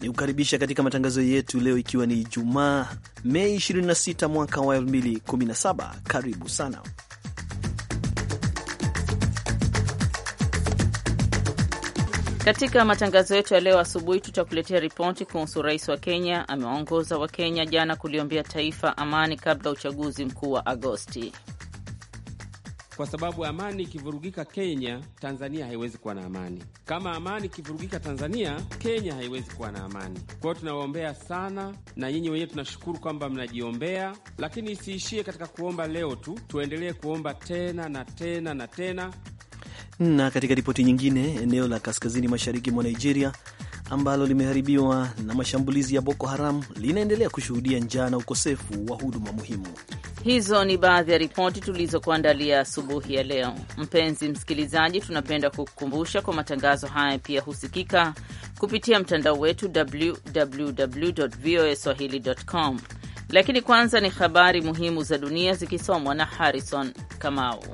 ni kukaribisha katika matangazo yetu leo, ikiwa ni Ijumaa Mei 26 mwaka wa 2017. Karibu sana katika matangazo yetu ya leo asubuhi. Tutakuletea ripoti kuhusu rais wa Kenya amewaongoza Wakenya jana kuliombea taifa amani kabla uchaguzi mkuu wa Agosti kwa sababu amani ikivurugika Kenya, Tanzania haiwezi kuwa na amani. Kama amani ikivurugika Tanzania, Kenya haiwezi kuwa na amani. Kwa hiyo tunawaombea sana, na nyinyi wenyewe tunashukuru kwamba mnajiombea, lakini isiishie katika kuomba leo tu, tuendelee kuomba tena na tena na tena. Na katika ripoti nyingine, eneo la kaskazini mashariki mwa Nigeria ambalo limeharibiwa na mashambulizi ya Boko Haram linaendelea kushuhudia njaa na ukosefu wa huduma muhimu. Hizo ni baadhi ya ripoti tulizokuandalia asubuhi ya leo. Mpenzi msikilizaji, tunapenda kukukumbusha kwa matangazo haya pia husikika kupitia mtandao wetu www www.voaswahili.com. Lakini kwanza ni habari muhimu za dunia zikisomwa na Harrison Kamau.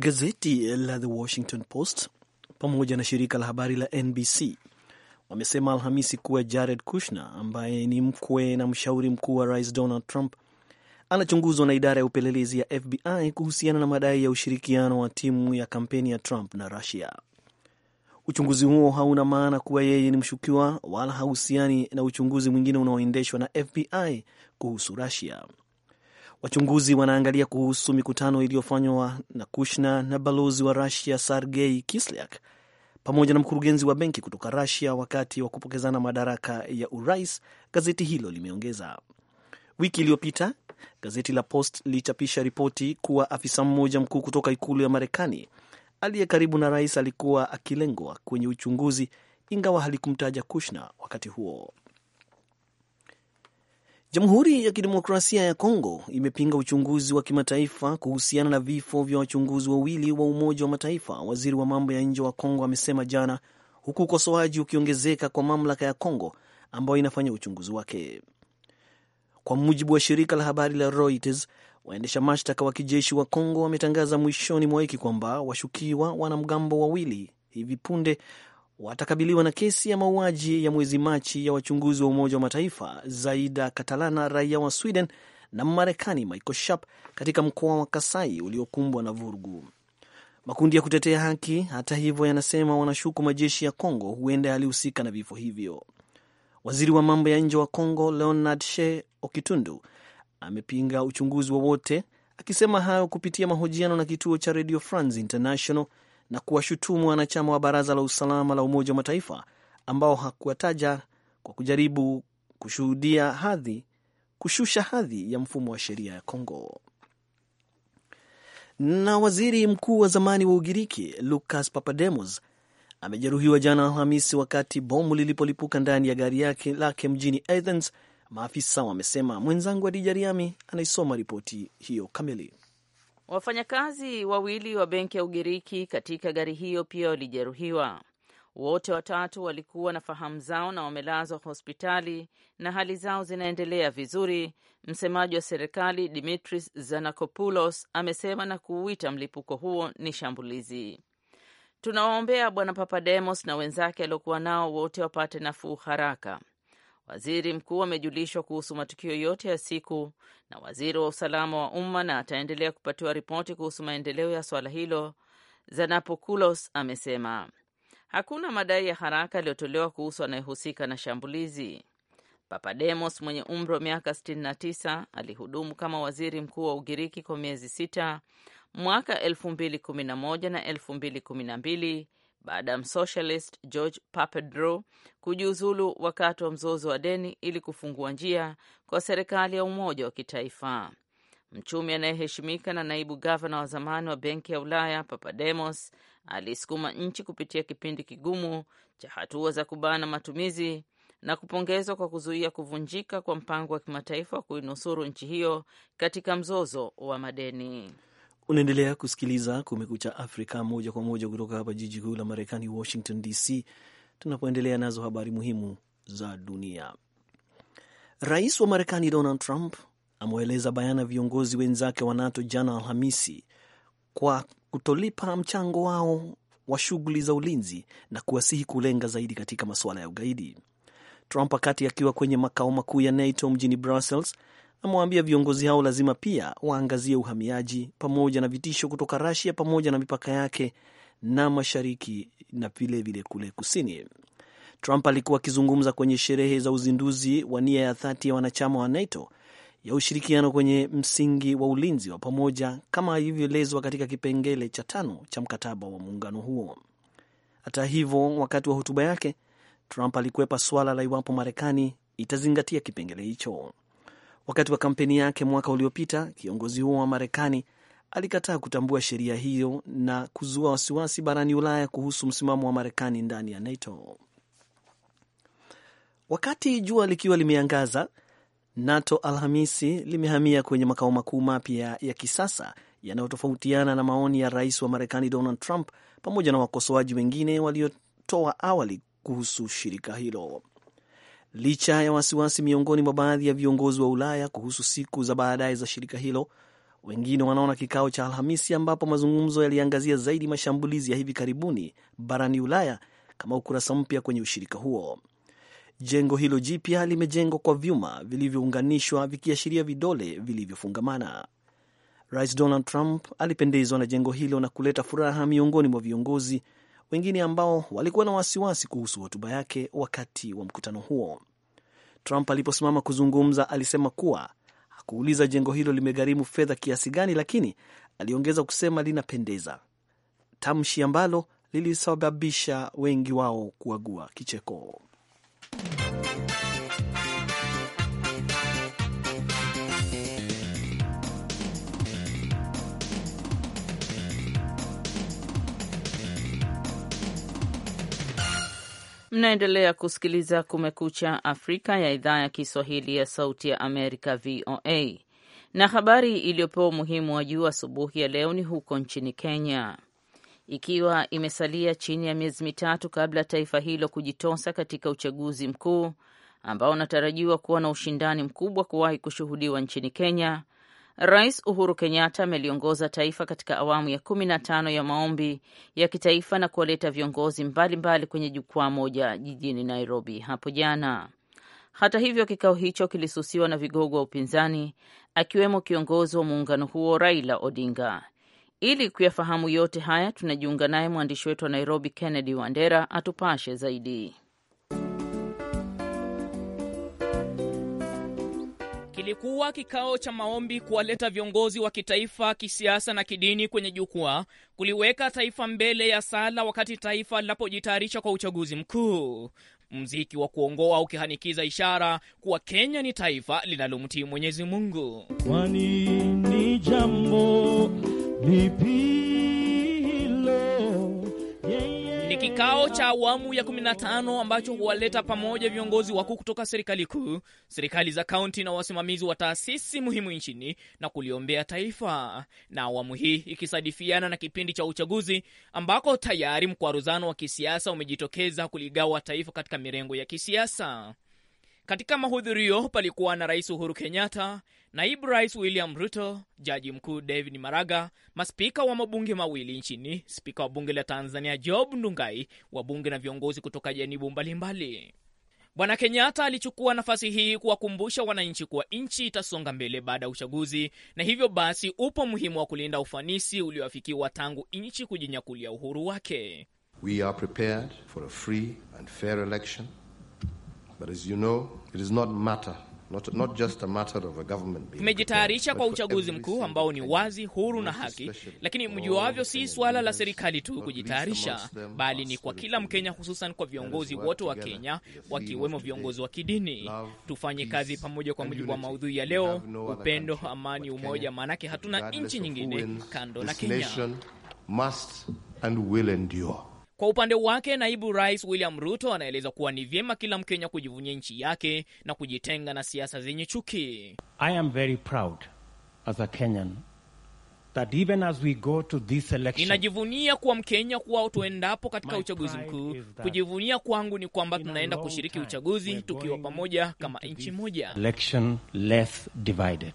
Gazeti la The Washington Post pamoja na shirika la habari la NBC wamesema Alhamisi kuwa Jared Kushner ambaye ni mkwe na mshauri mkuu wa rais Donald Trump anachunguzwa na idara ya upelelezi ya FBI kuhusiana na madai ya ushirikiano wa timu ya kampeni ya Trump na Russia. Uchunguzi huo hauna maana kuwa yeye ni mshukiwa wala hahusiani na uchunguzi mwingine unaoendeshwa na FBI kuhusu Russia. Wachunguzi wanaangalia kuhusu mikutano iliyofanywa na Kushna na balozi wa Rusia Sergei Kislyak pamoja na mkurugenzi wa benki kutoka Rusia wakati wa kupokezana madaraka ya urais, gazeti hilo limeongeza. Wiki iliyopita gazeti la Post lilichapisha ripoti kuwa afisa mmoja mkuu kutoka ikulu ya Marekani aliye karibu na rais alikuwa akilengwa kwenye uchunguzi, ingawa halikumtaja Kushna wakati huo. Jamhuri ya Kidemokrasia ya Kongo imepinga uchunguzi wa kimataifa kuhusiana na vifo vya wachunguzi wawili wa Umoja wa Mataifa, waziri wa mambo ya nje wa Kongo amesema jana, huku ukosoaji ukiongezeka kwa mamlaka ya Kongo ambayo inafanya uchunguzi wake. Kwa mujibu wa shirika la habari la Reuters, waendesha mashtaka wa kijeshi wa Kongo wametangaza mwishoni mwa wiki kwamba washukiwa wanamgambo wawili hivi punde watakabiliwa na kesi ya mauaji ya mwezi Machi ya wachunguzi wa Umoja wa Mataifa Zaida katalana raia wa Sweden na Mmarekani Michael Sharp katika mkoa wa Kasai uliokumbwa na vurugu. Makundi ya kutetea haki, hata hivyo, yanasema wanashuku majeshi ya Kongo huenda yalihusika na vifo hivyo. Waziri wa mambo ya nje wa Kongo Leonard She Okitundu amepinga uchunguzi wowote, akisema hayo kupitia mahojiano na kituo cha Radio France International na kuwashutumu wanachama wa Baraza la Usalama la Umoja wa Mataifa ambao hakuwataja kwa kujaribu kushuhudia hadhi kushusha hadhi ya mfumo wa sheria ya Kongo. Na waziri mkuu wa zamani wa Ugiriki Lucas Papademos amejeruhiwa jana Alhamisi wakati bomu lilipolipuka ndani ya gari yake lake mjini Athens, maafisa wamesema. Mwenzangu Adija Riami anaisoma ripoti hiyo kamili. Wafanyakazi wawili wa benki ya Ugiriki katika gari hiyo pia walijeruhiwa. Wote watatu walikuwa na fahamu zao na wamelazwa hospitali na hali zao zinaendelea vizuri. Msemaji wa serikali Dimitris Zanakopoulos amesema na kuuita mlipuko huo ni shambulizi. Tunawaombea Bwana Papademos na wenzake aliokuwa nao wote wapate nafuu haraka. Waziri mkuu amejulishwa kuhusu matukio yote ya siku na waziri wa usalama wa umma na ataendelea kupatiwa ripoti kuhusu maendeleo ya swala hilo, Zanapokulos amesema. Hakuna madai ya haraka yaliyotolewa kuhusu anayehusika na shambulizi. Papademos mwenye umri wa miaka 69 alihudumu kama waziri mkuu wa Ugiriki kwa miezi sita mwaka 2011 na 2012 baada ya msocialist George Papandreou kujiuzulu wakati wa mzozo wa deni ili kufungua njia kwa serikali ya umoja wa kitaifa. Mchumi anayeheshimika na naibu gavana wa zamani wa Benki ya Ulaya Papademos aliisukuma nchi kupitia kipindi kigumu cha hatua za kubana matumizi na kupongezwa kwa kuzuia kuvunjika kwa mpango wa kimataifa wa kuinusuru nchi hiyo katika mzozo wa madeni. Unaendelea kusikiliza Kumekucha Afrika moja kwa moja kutoka hapa jiji kuu la Marekani, Washington DC, tunapoendelea nazo habari muhimu za dunia. Rais wa Marekani Donald Trump amewaeleza bayana viongozi wenzake wa NATO jana Alhamisi kwa kutolipa mchango wao wa shughuli za ulinzi na kuwasihi kulenga zaidi katika masuala ya ugaidi. Trump wakati akiwa kwenye makao makuu ya NATO mjini Brussels amewaambia viongozi hao lazima pia waangazie uhamiaji pamoja na vitisho kutoka Rasia pamoja na mipaka yake na mashariki na vilevile kule kusini. Trump alikuwa akizungumza kwenye sherehe za uzinduzi wa nia ya dhati ya wanachama wa NATO ya ushirikiano kwenye msingi wa ulinzi wa pamoja kama ilivyoelezwa katika kipengele cha tano cha mkataba wa muungano huo. Hata hivyo, wakati wa hotuba yake Trump alikwepa swala la iwapo Marekani itazingatia kipengele hicho. Wakati wa kampeni yake mwaka uliopita, kiongozi huo wa Marekani alikataa kutambua sheria hiyo na kuzua wasiwasi barani Ulaya kuhusu msimamo wa Marekani ndani ya NATO. Wakati jua likiwa limeangaza, NATO Alhamisi limehamia kwenye makao makuu mapya ya kisasa yanayotofautiana na maoni ya rais wa Marekani Donald Trump pamoja na wakosoaji wengine waliotoa awali kuhusu shirika hilo licha ya wasiwasi miongoni mwa baadhi ya viongozi wa Ulaya kuhusu siku za baadaye za shirika hilo. Wengine wanaona kikao cha Alhamisi ambapo mazungumzo yaliangazia zaidi mashambulizi ya hivi karibuni barani Ulaya kama ukurasa mpya kwenye ushirika huo. Jengo hilo jipya limejengwa kwa vyuma vilivyounganishwa vikiashiria vidole vilivyofungamana. Rais Donald Trump alipendezwa na jengo hilo na kuleta furaha miongoni mwa viongozi wengine ambao walikuwa na wasiwasi kuhusu hotuba yake wakati wa mkutano huo. Trump aliposimama kuzungumza, alisema kuwa hakuuliza jengo hilo limegharimu fedha kiasi gani, lakini aliongeza kusema linapendeza, tamshi ambalo lilisababisha wengi wao kuagua kicheko. Mnaendelea kusikiliza Kumekucha Afrika ya idhaa ya Kiswahili ya Sauti ya Amerika, VOA. Na habari iliyopewa umuhimu wa juu asubuhi ya leo ni huko nchini Kenya, ikiwa imesalia chini ya miezi mitatu kabla ya taifa hilo kujitosa katika uchaguzi mkuu ambao unatarajiwa kuwa na ushindani mkubwa kuwahi kushuhudiwa nchini Kenya. Rais Uhuru Kenyatta ameliongoza taifa katika awamu ya kumi na tano ya maombi ya kitaifa na kuwaleta viongozi mbalimbali mbali kwenye jukwaa moja jijini Nairobi hapo jana. Hata hivyo, kikao hicho kilisusiwa na vigogo wa upinzani akiwemo kiongozi wa muungano huo Raila Odinga. Ili kuyafahamu yote haya, tunajiunga naye mwandishi wetu wa Nairobi Kennedy Wandera atupashe zaidi. Kilikuwa kikao cha maombi kuwaleta viongozi wa kitaifa, kisiasa na kidini kwenye jukwaa, kuliweka taifa mbele ya sala wakati taifa linapojitayarisha kwa uchaguzi mkuu. Mziki wa kuongoa ukihanikiza ishara kuwa Kenya ni taifa linalomtii Mwenyezi Mungu. Kwani ni jambo lipi ni kikao cha awamu ya 15 ambacho huwaleta pamoja viongozi wakuu kutoka serikali kuu, serikali za kaunti na wasimamizi wa taasisi muhimu nchini na kuliombea taifa, na awamu hii ikisadifiana na kipindi cha uchaguzi ambako tayari mkwaruzano wa kisiasa umejitokeza kuligawa taifa katika mirengo ya kisiasa. Katika mahudhurio palikuwa na Rais Uhuru Kenyatta, naibu rais William Ruto, jaji mkuu David Maraga, maspika wa mabunge mawili nchini, spika wa bunge la Tanzania Job Ndungai, wabunge na viongozi kutoka janibu mbalimbali. Bwana Kenyatta alichukua nafasi hii kuwakumbusha wananchi kuwa nchi itasonga mbele baada ya uchaguzi, na hivyo basi upo muhimu wa kulinda ufanisi ulioafikiwa tangu nchi kujinyakulia uhuru wake. We are prepared for a free and fair election. Tumejitayarisha kwa uchaguzi mkuu ambao ni wazi, huru na haki, lakini mjuavyo, si suala la serikali tu kujitayarisha, bali ni kwa kila Mkenya, hususan kwa viongozi wote wa Kenya, wakiwemo viongozi wa kidini. Tufanye kazi pamoja kwa mujibu wa maudhui ya leo: upendo, amani, umoja, maanake hatuna nchi nyingine kando na Kenya. Kwa upande wake naibu rais William Ruto anaeleza kuwa ni vyema kila Mkenya kujivunia nchi yake na kujitenga na siasa zenye chuki. I am very proud as a Kenyan that even as we go to this election, ninajivunia kuwa Mkenya kuwa tuendapo katika uchaguzi mkuu. Kujivunia kwangu ni kwamba tunaenda kushiriki uchaguzi tukiwa pamoja kama nchi moja. Election less divided.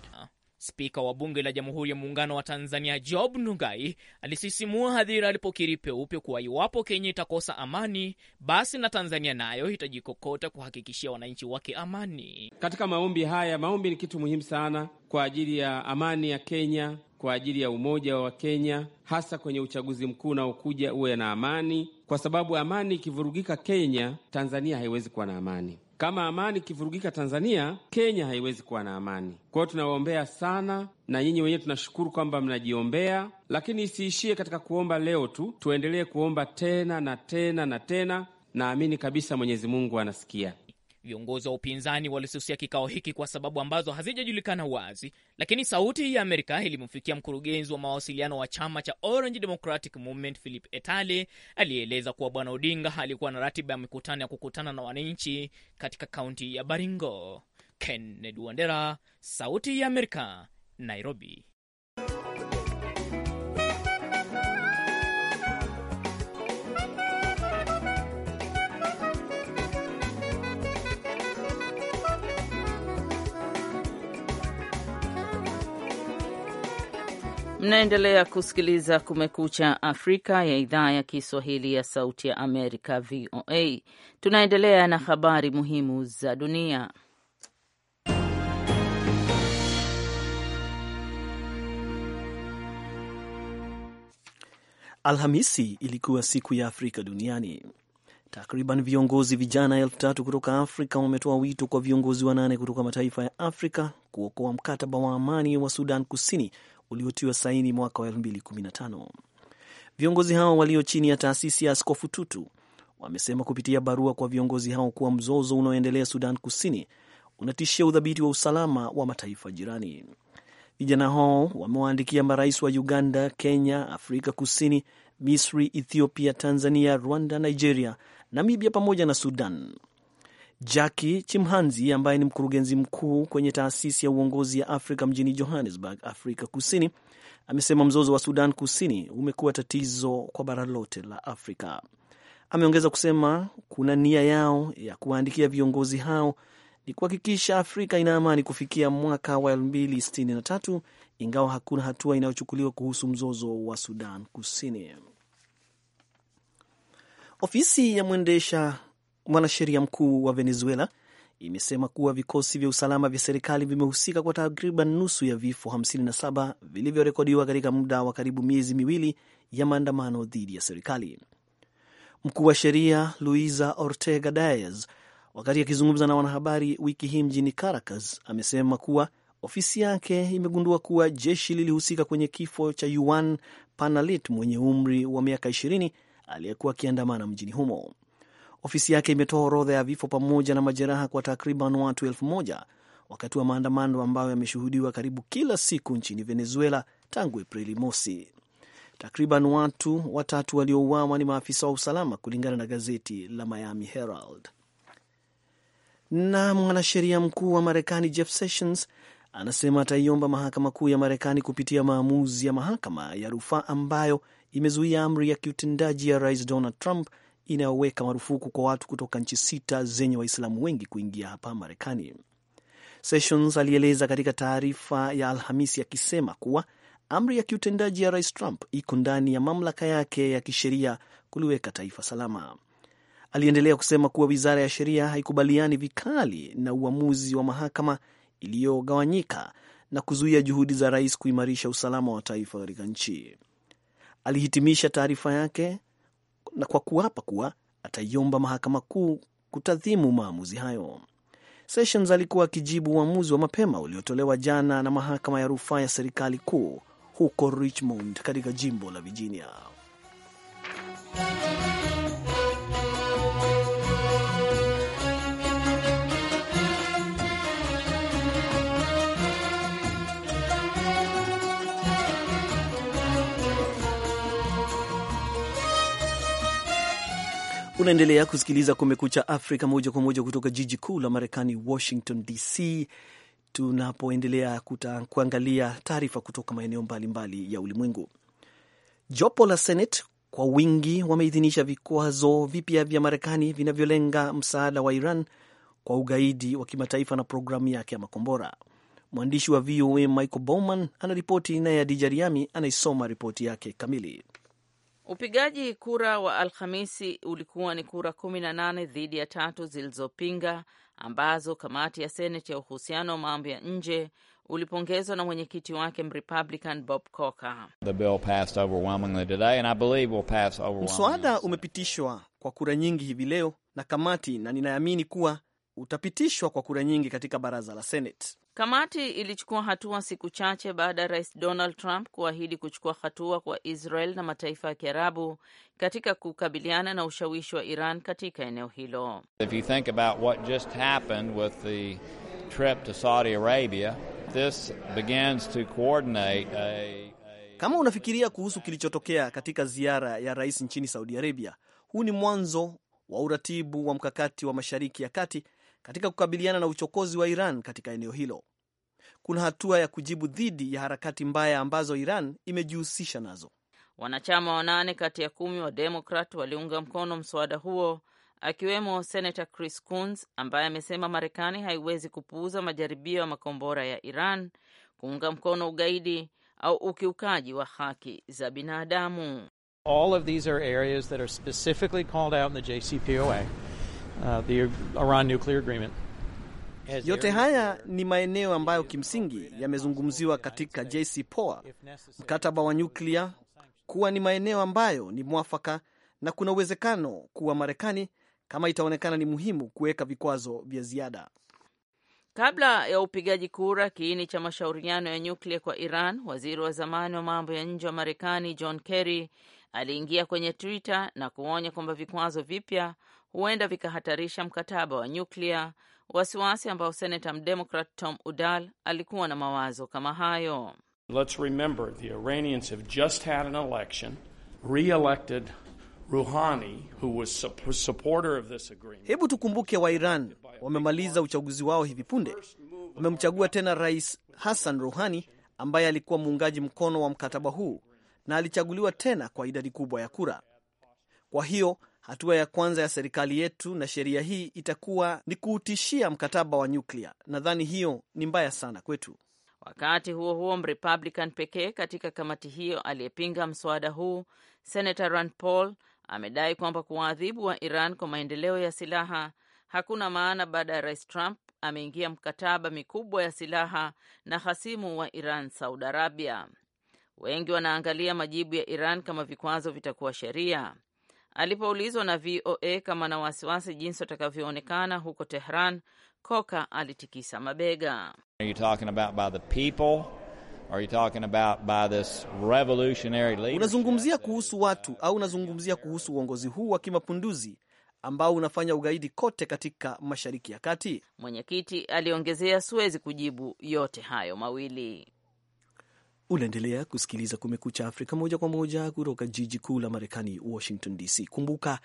Spika wa Bunge la Jamhuri ya Muungano wa Tanzania Job Ndugai alisisimua hadhira alipokiri peupe kuwa iwapo Kenya itakosa amani, basi na Tanzania nayo itajikokota kuhakikishia wananchi wake amani. Katika maombi haya, maombi ni kitu muhimu sana kwa ajili ya amani ya Kenya, kwa ajili ya umoja wa Kenya, hasa kwenye uchaguzi mkuu unaokuja uwe na amani, kwa sababu amani ikivurugika Kenya, Tanzania haiwezi kuwa na amani. Kama amani ikivurugika Tanzania, Kenya haiwezi kuwa na amani. Kwa hiyo tunawaombea sana, na nyinyi wenyewe tunashukuru kwamba mnajiombea, lakini isiishie katika kuomba leo tu, tuendelee kuomba tena na tena na tena. Naamini kabisa Mwenyezi Mungu anasikia. Viongozi wa upinzani walisusia kikao hiki kwa sababu ambazo hazijajulikana wazi, lakini Sauti ya Amerika ilimfikia mkurugenzi wa mawasiliano wa chama cha Orange Democratic Movement Philip Etale aliyeeleza kuwa Bwana Odinga alikuwa na ratiba ya mikutano ya kukutana na wananchi katika kaunti ya Baringo. Kennedy Wandera, Sauti ya Amerika, Nairobi. Mnaendelea kusikiliza Kumekucha Afrika ya idhaa ya Kiswahili ya Sauti ya Amerika, VOA. Tunaendelea na habari muhimu za dunia. Alhamisi ilikuwa siku ya Afrika duniani. Takriban viongozi vijana elfu tatu kutoka Afrika wametoa wito kwa viongozi wanane kutoka mataifa ya Afrika kuokoa mkataba wa amani wa Sudan Kusini uliotiwa saini mwaka wa 2015. Viongozi hao walio chini ya taasisi ya Askofu Tutu wamesema kupitia barua kwa viongozi hao kuwa mzozo unaoendelea Sudan Kusini unatishia udhabiti wa usalama wa mataifa jirani. Vijana hao wamewaandikia marais wa Uganda, Kenya, Afrika Kusini, Misri, Ethiopia, Tanzania, Rwanda, Nigeria, Namibia pamoja na Sudan Jaki Chimhanzi ambaye ni mkurugenzi mkuu kwenye taasisi ya uongozi ya Afrika mjini Johannesburg, Afrika Kusini, amesema mzozo wa Sudan Kusini umekuwa tatizo kwa bara lote la Afrika. Ameongeza kusema kuna nia yao ya kuwaandikia viongozi hao ni kuhakikisha Afrika ina amani kufikia mwaka wa 2063 ingawa hakuna hatua inayochukuliwa kuhusu mzozo wa Sudan Kusini. Ofisi ya mwendesha mwanasheria mkuu wa Venezuela imesema kuwa vikosi vya usalama vya serikali vimehusika kwa takriban nusu ya vifo 57 vilivyorekodiwa katika muda wa karibu miezi miwili ya maandamano dhidi ya serikali. Mkuu wa sheria Luisa Ortega Diaz, wakati akizungumza na wanahabari wiki hii mjini Caracas, amesema kuwa ofisi yake imegundua kuwa jeshi lilihusika kwenye kifo cha Juan Panalit mwenye umri wa miaka 20 aliyekuwa akiandamana mjini humo. Ofisi yake imetoa orodha ya vifo pamoja na majeraha kwa takriban watu elfu moja wakati wa maandamano ambayo yameshuhudiwa karibu kila siku nchini Venezuela tangu Aprili mosi. Takriban watu watatu waliouawa ni maafisa wa usalama kulingana na gazeti la Miami Herald. Na mwanasheria mkuu wa Marekani Jeff Sessions anasema ataiomba mahakama kuu ya Marekani kupitia maamuzi ya mahakama ya rufaa ambayo imezuia amri ya kiutendaji ya rais Donald Trump inayoweka marufuku kwa watu kutoka nchi sita zenye Waislamu wengi kuingia hapa Marekani. Sessions alieleza katika taarifa ya Alhamisi akisema kuwa amri ya kiutendaji ya Rais Trump iko ndani ya mamlaka yake ya kisheria kuliweka taifa salama. Aliendelea kusema kuwa wizara ya sheria haikubaliani vikali na uamuzi wa mahakama iliyogawanyika na kuzuia juhudi za rais kuimarisha usalama wa taifa katika nchi. Alihitimisha taarifa yake na kwa kuapa kuwa ataiomba mahakama kuu kutadhimu maamuzi hayo. Sessions alikuwa akijibu uamuzi wa mapema uliotolewa jana na mahakama ya rufaa ya serikali kuu huko Richmond katika jimbo la Virginia. Unaendelea kusikiliza Kumekucha Afrika moja kwa moja kutoka jiji kuu la Marekani, Washington DC, tunapoendelea kuangalia taarifa kutoka maeneo mbalimbali ya ulimwengu. Jopo la Senate kwa wingi wameidhinisha vikwazo vipya vya Marekani vinavyolenga msaada wa Iran kwa ugaidi wa kimataifa na programu yake ya makombora. Mwandishi wa VOA Michael Bowman anaripoti, naye Adija Riami anaisoma ripoti yake kamili. Upigaji kura wa Alhamisi ulikuwa ni kura kumi na nane dhidi ya tatu zilizopinga ambazo kamati ya Seneti ya uhusiano wa mambo ya nje ulipongezwa na mwenyekiti wake Mrepublican Bob Corker. Mswada umepitishwa kwa kura nyingi hivi leo na kamati, na ninaamini kuwa utapitishwa kwa kura nyingi katika baraza la Seneti. Kamati ilichukua hatua siku chache baada ya rais Donald Trump kuahidi kuchukua hatua kwa Israel na mataifa ya Kiarabu katika kukabiliana na ushawishi wa Iran katika eneo hilo. Kama unafikiria kuhusu kilichotokea katika ziara ya rais nchini Saudi Arabia, huu ni mwanzo wa uratibu wa mkakati wa Mashariki ya Kati katika kukabiliana na uchokozi wa Iran katika eneo hilo. Kuna hatua ya kujibu dhidi ya harakati mbaya ambazo Iran imejihusisha nazo. Wanachama wanane kati ya kumi wa Demokrat waliunga mkono mswada huo, akiwemo Senata Chris Coons ambaye amesema Marekani haiwezi kupuuza majaribio ya makombora ya Iran kuunga mkono ugaidi au ukiukaji wa haki za binadamu. All of these are areas that are specifically called out in the JCPOA. Uh, the Iran nuclear agreement. Yote haya ni maeneo ambayo kimsingi yamezungumziwa katika JCPOA, mkataba wa nyuklia, kuwa ni maeneo ambayo ni mwafaka na kuna uwezekano kuwa Marekani kama itaonekana ni muhimu kuweka vikwazo vya ziada. Kabla ya upigaji kura kiini cha mashauriano ya nyuklia kwa Iran, waziri wa zamani wa mambo ya nje wa Marekani John Kerry aliingia kwenye Twitter na kuonya kwamba vikwazo vipya huenda vikahatarisha mkataba wa nyuklia, wasiwasi ambao senata mdemokrat Tom Udall alikuwa na mawazo kama hayo. Let's remember the Iranians have just had an election, Rouhani who was supporter of this agreement. Hebu tukumbuke wa Iran wamemaliza uchaguzi wao hivi punde, wamemchagua tena Rais Hassan Rouhani ambaye alikuwa muungaji mkono wa mkataba huu na alichaguliwa tena kwa idadi kubwa ya kura. Kwa hiyo Hatua ya kwanza ya serikali yetu na sheria hii itakuwa ni kuutishia mkataba wa nyuklia. Nadhani hiyo ni mbaya sana kwetu. Wakati huo huo, Mrepublican pekee katika kamati hiyo aliyepinga mswada huu, senata Rand Paul, amedai kwamba kuwaadhibu wa Iran kwa maendeleo ya silaha hakuna maana baada ya Rais Trump ameingia mkataba mikubwa ya silaha na hasimu wa Iran, Saudi Arabia. Wengi wanaangalia majibu ya Iran kama vikwazo vitakuwa sheria. Alipoulizwa na VOA kama na wasiwasi jinsi watakavyoonekana huko Tehran, Koka alitikisa mabega. Are you talking about by the people? Are you talking about by this revolutionary Unazungumzia kuhusu watu au unazungumzia kuhusu uongozi huu wa kimapinduzi ambao unafanya ugaidi kote katika Mashariki ya Kati? Mwenyekiti aliongezea, siwezi kujibu yote hayo mawili. Unaendelea kusikiliza Kumekucha Afrika moja kwa moja kutoka jiji kuu la Marekani, Washington DC. Kumbuka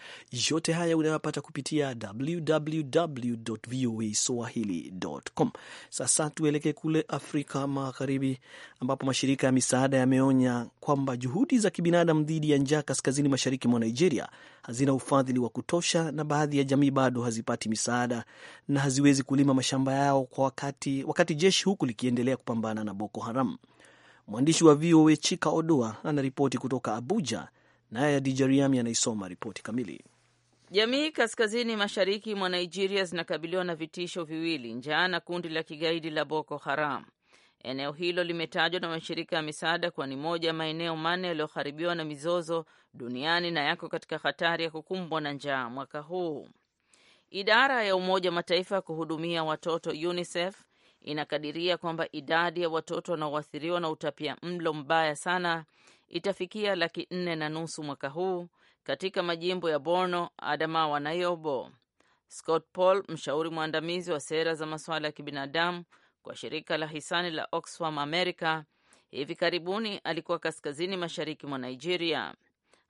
yote haya unayopata kupitia www voa swahili.com. Sasa tuelekee kule Afrika Magharibi, ambapo mashirika ya misaada yameonya kwamba juhudi za kibinadamu dhidi ya njaa kaskazini mashariki mwa Nigeria hazina ufadhili wa kutosha, na baadhi ya jamii bado hazipati misaada na haziwezi kulima mashamba yao kwa wakati, wakati jeshi huku likiendelea kupambana na Boko Haram. Mwandishi wa VOA Chika Odua anaripoti kutoka Abuja, naye adijariami anaisoma ripoti kamili. Jamii kaskazini mashariki mwa Nigeria zinakabiliwa na vitisho viwili: njaa na kundi la kigaidi la Boko Haram. Eneo hilo limetajwa na mashirika ya misaada kuwa ni moja ya maeneo manne yaliyoharibiwa na mizozo duniani na yako katika hatari ya kukumbwa na njaa mwaka huu. Idara ya Umoja wa Mataifa ya kuhudumia watoto UNICEF inakadiria kwamba idadi ya watoto wanaoathiriwa na utapia mlo mbaya sana itafikia laki nne na nusu mwaka huu katika majimbo ya Borno, Adamawa na Yobo. Scott Paul, mshauri mwandamizi wa sera za masuala ya kibinadamu kwa shirika la hisani la Oxfam America, hivi karibuni alikuwa kaskazini mashariki mwa Nigeria.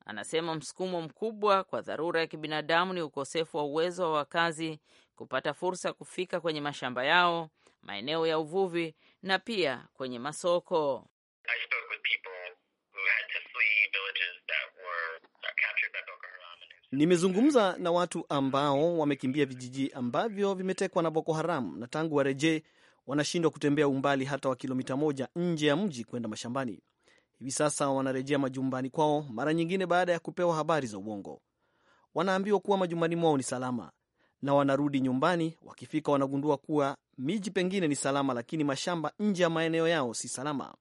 Anasema msukumo mkubwa kwa dharura ya kibinadamu ni ukosefu wa uwezo wa wakazi kupata fursa ya kufika kwenye mashamba yao maeneo ya uvuvi na pia kwenye masoko. Uh, Nimezungumza na watu ambao wamekimbia vijiji ambavyo vimetekwa na Boko Haram na tangu warejee wanashindwa kutembea umbali hata wa kilomita moja nje ya mji kwenda mashambani. Hivi sasa wanarejea majumbani kwao, mara nyingine baada ya kupewa habari za uongo. Wanaambiwa kuwa majumbani mwao ni salama, na wanarudi nyumbani. Wakifika wanagundua kuwa miji pengine ni salama, lakini mashamba nje ya maeneo yao si salama,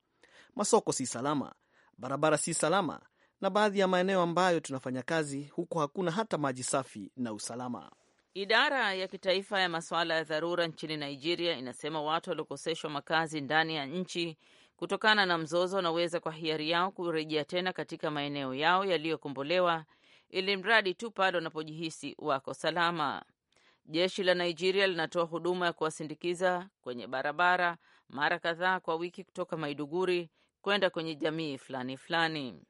masoko si salama, barabara si salama, na baadhi ya maeneo ambayo tunafanya kazi huko hakuna hata maji safi na usalama. Idara ya kitaifa ya masuala ya dharura nchini Nigeria inasema watu waliokoseshwa makazi ndani ya nchi kutokana na mzozo wanaweza kwa hiari yao kurejea tena katika maeneo yao yaliyokombolewa, ili mradi tu pale wanapojihisi wako salama. Jeshi la Nigeria linatoa huduma ya kuwasindikiza kwenye barabara mara kadhaa kwa wiki kutoka Maiduguri kwenda kwenye jamii fulani fulani.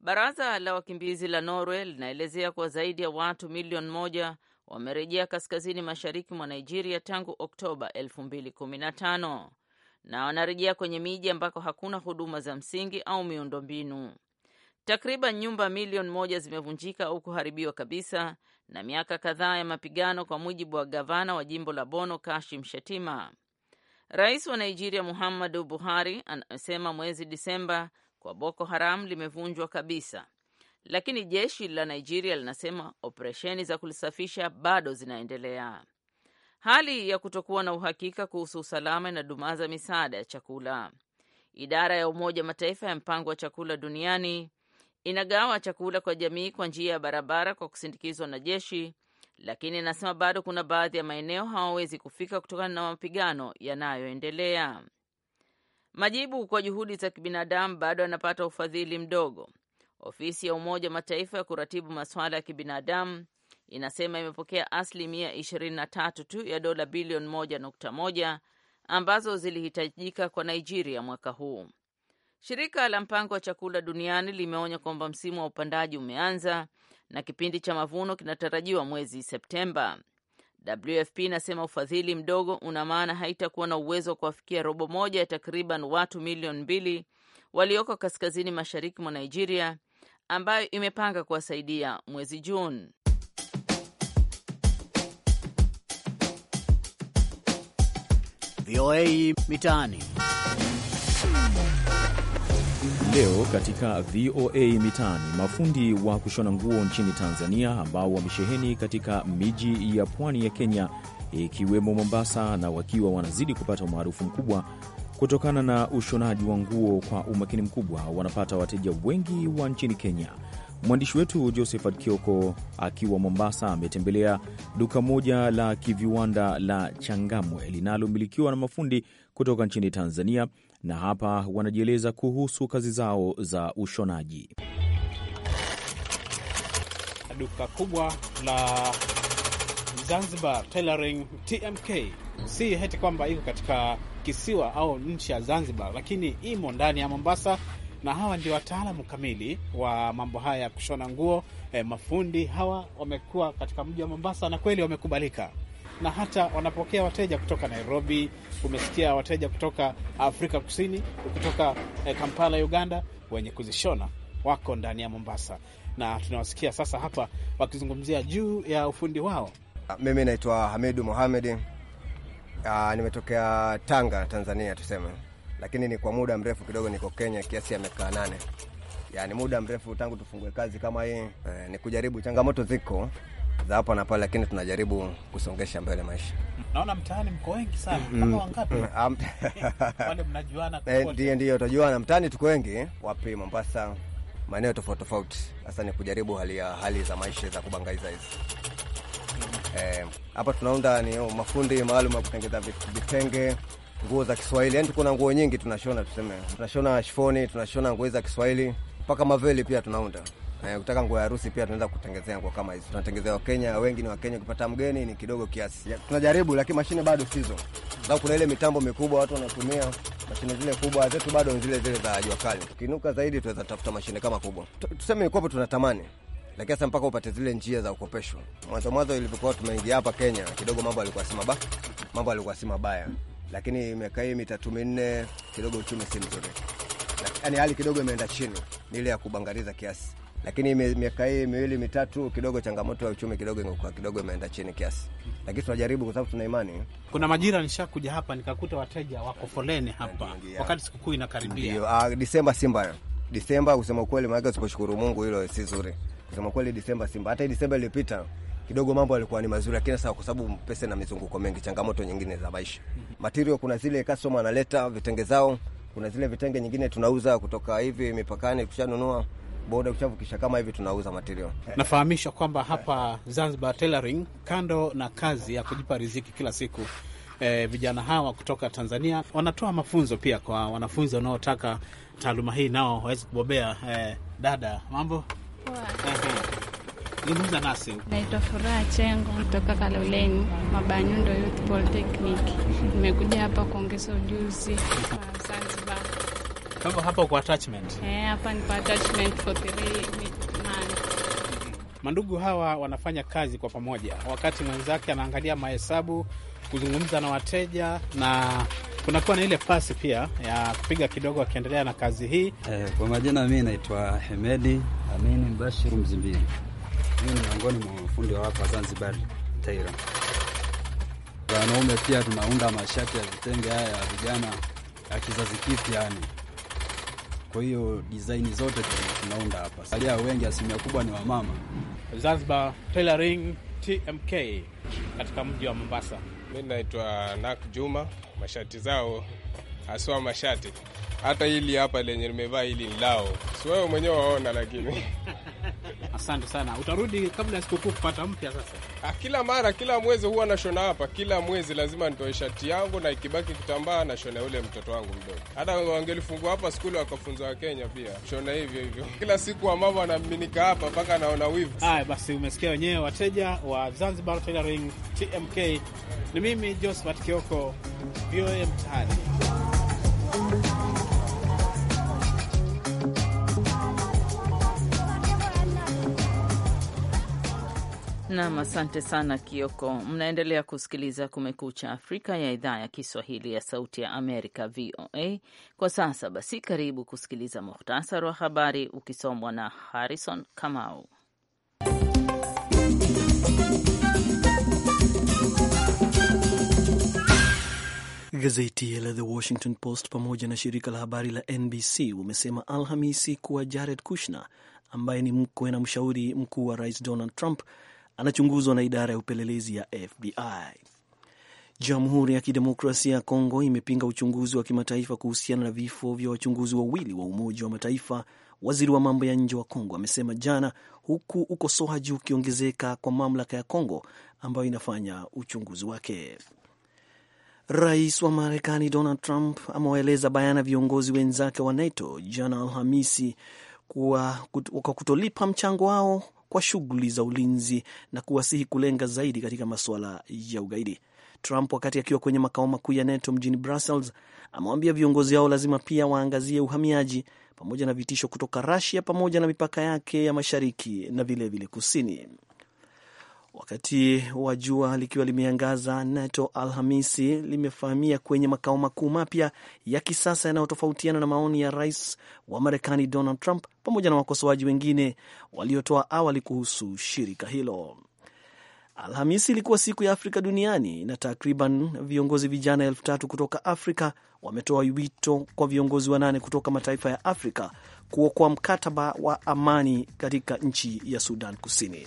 Baraza la wakimbizi la Norway linaelezea kuwa zaidi ya watu milioni moja wamerejea kaskazini mashariki mwa Nigeria tangu Oktoba 2015 na wanarejea kwenye miji ambako hakuna huduma za msingi au miundombinu. Takriban nyumba milioni moja zimevunjika au kuharibiwa kabisa na miaka kadhaa ya mapigano, kwa mujibu wa gavana wa jimbo la Bono Kashim shetima Rais wa Nigeria Muhammadu Buhari anasema mwezi Disemba kwa Boko Haram limevunjwa kabisa, lakini jeshi la Nigeria linasema operesheni za kulisafisha bado zinaendelea. Hali ya kutokuwa na uhakika kuhusu usalama inadumaza misaada ya chakula. Idara ya Umoja Mataifa ya mpango wa chakula duniani inagawa chakula kwa jamii kwa njia ya barabara kwa kusindikizwa na jeshi, lakini inasema bado kuna baadhi ya maeneo hawawezi kufika kutokana na mapigano yanayoendelea. Majibu kwa juhudi za kibinadamu bado yanapata ufadhili mdogo. Ofisi ya Umoja Mataifa ya kuratibu masuala ya kibinadamu inasema imepokea asilimia 23 tu ya dola bilioni 1.1 ambazo zilihitajika kwa Nigeria mwaka huu. Shirika la mpango wa chakula duniani limeonya kwamba msimu wa upandaji umeanza na kipindi cha mavuno kinatarajiwa mwezi Septemba. WFP inasema ufadhili mdogo una maana haitakuwa na uwezo wa kuwafikia robo moja ya takriban watu milioni mbili walioko kaskazini mashariki mwa Nigeria, ambayo imepanga kuwasaidia mwezi Juni. VOA Mitaani. Leo katika VOA Mitaani, mafundi wa kushona nguo nchini Tanzania ambao wamesheheni katika miji ya pwani ya Kenya ikiwemo Mombasa, na wakiwa wanazidi kupata umaarufu mkubwa kutokana na ushonaji wa nguo kwa umakini mkubwa, wanapata wateja wengi wa nchini Kenya. Mwandishi wetu Josephat Kioko akiwa Mombasa ametembelea duka moja la kiviwanda la Changamwe linalomilikiwa na mafundi kutoka nchini Tanzania na hapa wanajieleza kuhusu kazi zao za ushonaji. Duka kubwa la Zanzibar Tailoring TMK, si heti kwamba iko katika kisiwa au nchi ya Zanzibar, lakini imo ndani ya Mombasa na hawa ndio wataalamu kamili wa mambo haya ya kushona nguo. E, mafundi hawa wamekuwa katika mji wa Mombasa na kweli wamekubalika na hata wanapokea wateja kutoka Nairobi. Umesikia wateja kutoka Afrika Kusini, kutoka eh, Kampala, Uganda. Wenye kuzishona wako ndani ya Mombasa, na tunawasikia sasa hapa wakizungumzia juu ya ufundi wao. Ah, mimi naitwa Hamidu muhamedi Uh, ah, nimetokea Tanga, Tanzania tuseme, lakini ni kwa muda mrefu kidogo niko Kenya kiasi ya miaka nane, yaani muda mrefu tangu tufungue kazi kama hii. Uh, ni kujaribu, changamoto ziko za hapa na pale, lakini tunajaribu kusongesha mbele maisha. Naona mtaani mko wengi sana, mm. kama wangapi? Mm, Wale mnajuana eh, kote? Ndiyo, tunajuana mtaani, tuko wengi. Wapi? Mombasa, maeneo tofauti tofauti. Sasa ni kujaribu hali ya hali za maisha za kubangaiza hizi eh, hapa eh, tunaunda ni mafundi maalum ya kutengeza vitenge, nguo za Kiswahili. Yani tuko na nguo nyingi tunashona, tuseme tunashona shifoni, tunashona nguo za Kiswahili mpaka maveli pia tunaunda. Eh, ukitaka nguo ya harusi pia tunaweza kutengezea nguo kama hizo. Tunatengezea Wakenya wengi, ni Wakenya. Ukipata mgeni ni kidogo kiasi, tunajaribu lakini mashine bado sizo, Sasa kuna ile mitambo mikubwa watu wanatumia mashine zile kubwa zetu bado zile zile za jua kali. Tukinuka zaidi tunaweza tafuta mashine kama kubwa, tuseme mikopo tunatamani, lakini sasa mpaka upate zile njia za ukopesho. Mwanzo mwanzo ilivyokuwa tumeingia hapa Kenya kidogo mambo alikuwa si mabaya, mambo alikuwa si mabaya, lakini imekaa hii mitatu minne kidogo uchumi si mzuri, yaani hali kidogo imeenda chini, ni ile ya kubangaliza kiasi lakini miaka hii miwili mitatu kidogo changamoto ya uchumi kidogo ingekuwa kidogo imeenda chini kiasi, lakini tunajaribu kwa sababu tuna imani. Kuna majira nishakuja hapa nikakuta wateja wako foleni hapa Ndiyo. wakati sikukuu inakaribia. Uh, Disemba Simba Disemba kusema ukweli, maana usiposhukuru Mungu hilo si zuri. Kusema kweli, Disemba Simba, hata Disemba iliyopita kidogo mambo yalikuwa ni mazuri, lakini sasa kwa sababu pesa na mizunguko mengi, changamoto nyingine za maisha mhm. material, kuna zile customer analeta vitenge zao, kuna zile vitenge nyingine tunauza kutoka hivi mipakani kushanunua boda ukishavukisha kama hivi tunauza material. Nafahamisha kwamba hapa Zanzibar Tailoring, kando na kazi ya kujipa riziki kila siku e, vijana hawa kutoka Tanzania wanatoa mafunzo pia kwa wanafunzi wanaotaka taaluma hii nao waweze kubobea. E, dada, mambo zungumza nasi. Naitwa Furaha Chengo kutoka Kaloleni Mabanyundo Youth Polytechnic. Nimekuja hapa kuongeza ujuzi Zanzibar. Kama hapo kwa attachment. Eh, hapa ni kwa attachment for three months. Mandugu hawa wanafanya kazi kwa pamoja, wakati mwenzake anaangalia mahesabu, kuzungumza na wateja na kunakuwa na ile pasi pia ya kupiga kidogo, akiendelea na kazi hii eh. Kwa majina, mimi naitwa Hemedi Amini Mbashiru Mzimbili. Mimi ni miongoni mwa mafundi wa hapa Zanzibar TAIRA. Wanaume pia tunaunda mashati ya vitenge haya ya vijana ya kizazi kipya yani kwa hiyo design zote tunaunda hapa. Salia wengi, asilimia kubwa ni wamama. Zanzibar Tailoring TMK katika mji wa Mombasa. Mi naitwa Nak Juma. Mashati zao haswa mashati, hata hili hapa lenye nimevaa hili ni lao, si wewe mwenyewe waona, lakini Asante sana. Utarudi kabla ya sikukuu kupata mpya sasa? Ah, kila mara, kila mwezi huwa nashona hapa. Kila mwezi lazima nitoe shati yangu, na ikibaki kitambaa nashona yule mtoto wangu mdogo. Hata wangelifungua hapa skuli wakafunza Wakenya pia shona hivyo hivyo. Kila siku wamama wanamiminika hapa mpaka anaona wivu. Haya basi, umesikia wenyewe, wateja wa Zanzibar Tailoring TMK. Ni mimi Josephat Kioko, VOA Mtaani. Nam, asante sana Kioko. Mnaendelea kusikiliza Kumekucha Afrika ya idhaa ya Kiswahili ya Sauti ya Amerika, VOA. Kwa sasa basi, karibu kusikiliza muhtasari wa habari ukisomwa na Harrison Kamau. Gazeti la The Washington Post pamoja na shirika la habari la NBC umesema Alhamisi kuwa Jared Kushner ambaye ni mkwe na mshauri mkuu wa rais Donald Trump anachunguzwa na idara ya upelelezi ya FBI. Jamhuri ya Kidemokrasia ya Kongo imepinga uchunguzi wa kimataifa kuhusiana na vifo vya wachunguzi wawili wa Umoja wa Mataifa, waziri wa mambo ya nje wa Kongo amesema jana, huku ukosoaji ukiongezeka kwa mamlaka ya Kongo ambayo inafanya uchunguzi wake. Rais wa Marekani Donald Trump amewaeleza bayana viongozi wenzake wa NATO jana Alhamisi kwa kutolipa mchango wao kwa shughuli za ulinzi na kuwasihi kulenga zaidi katika masuala ya ugaidi. Trump wakati akiwa kwenye makao makuu ya NATO mjini Brussels amewambia viongozi hao lazima pia waangazie uhamiaji pamoja na vitisho kutoka rasia pamoja na mipaka yake ya mashariki na vilevile vile kusini wakati wa jua likiwa limeangaza. NATO Alhamisi limefahamia kwenye makao makuu mapya ya kisasa yanayotofautiana na maoni ya rais wa Marekani Donald Trump pamoja na wakosoaji wengine waliotoa awali kuhusu shirika hilo. Alhamisi ilikuwa siku ya Afrika duniani na takriban viongozi vijana elfu tatu kutoka Afrika wametoa wito kwa viongozi wanane kutoka mataifa ya Afrika kuokoa mkataba wa amani katika nchi ya Sudan Kusini.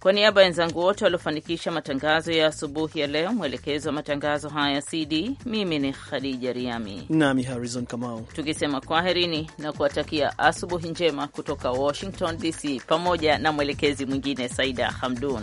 Kwa niaba ya wenzangu wote waliofanikisha matangazo ya asubuhi ya leo, mwelekezi wa matangazo haya CD, mimi ni Khadija Riami nami Harrison Kamau, tukisema kwaherini na kuwatakia asubuhi njema kutoka Washington DC, pamoja na mwelekezi mwingine Saida Hamdun.